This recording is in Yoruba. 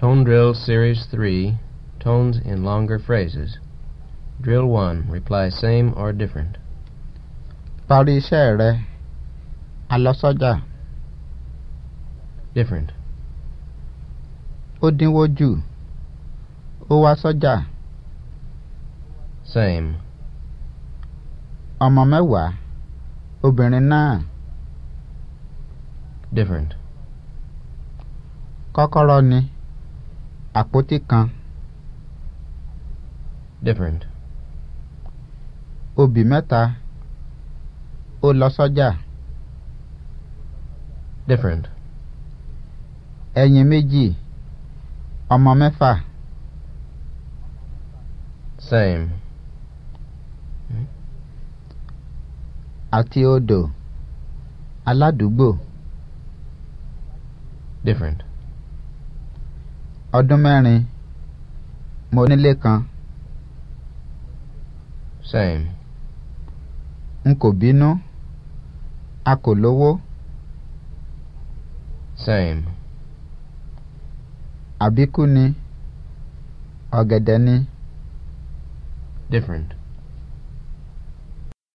Tone Drill Series 3 Tones in Longer Phrases Drill 1 Reply same or different Parí iṣẹ́ rẹ. sọ́jà. Different Ó dínwó jù. Ó wá Same Ọmọ mẹ́wàá. Obìnrin Different Kọ́kọ́rọ́ àpótí kan. different. obì mẹ́ta ó lọ sọ́jà. different. ẹyin méjì ọmọ mẹ́fà. same. àti odò aládùúgbò. different ọdún mẹ́rin mo nílé kan. same. n kò bínú a kò lówó. same. àbíkú ni ọ̀gẹ̀dẹ̀ ni. different.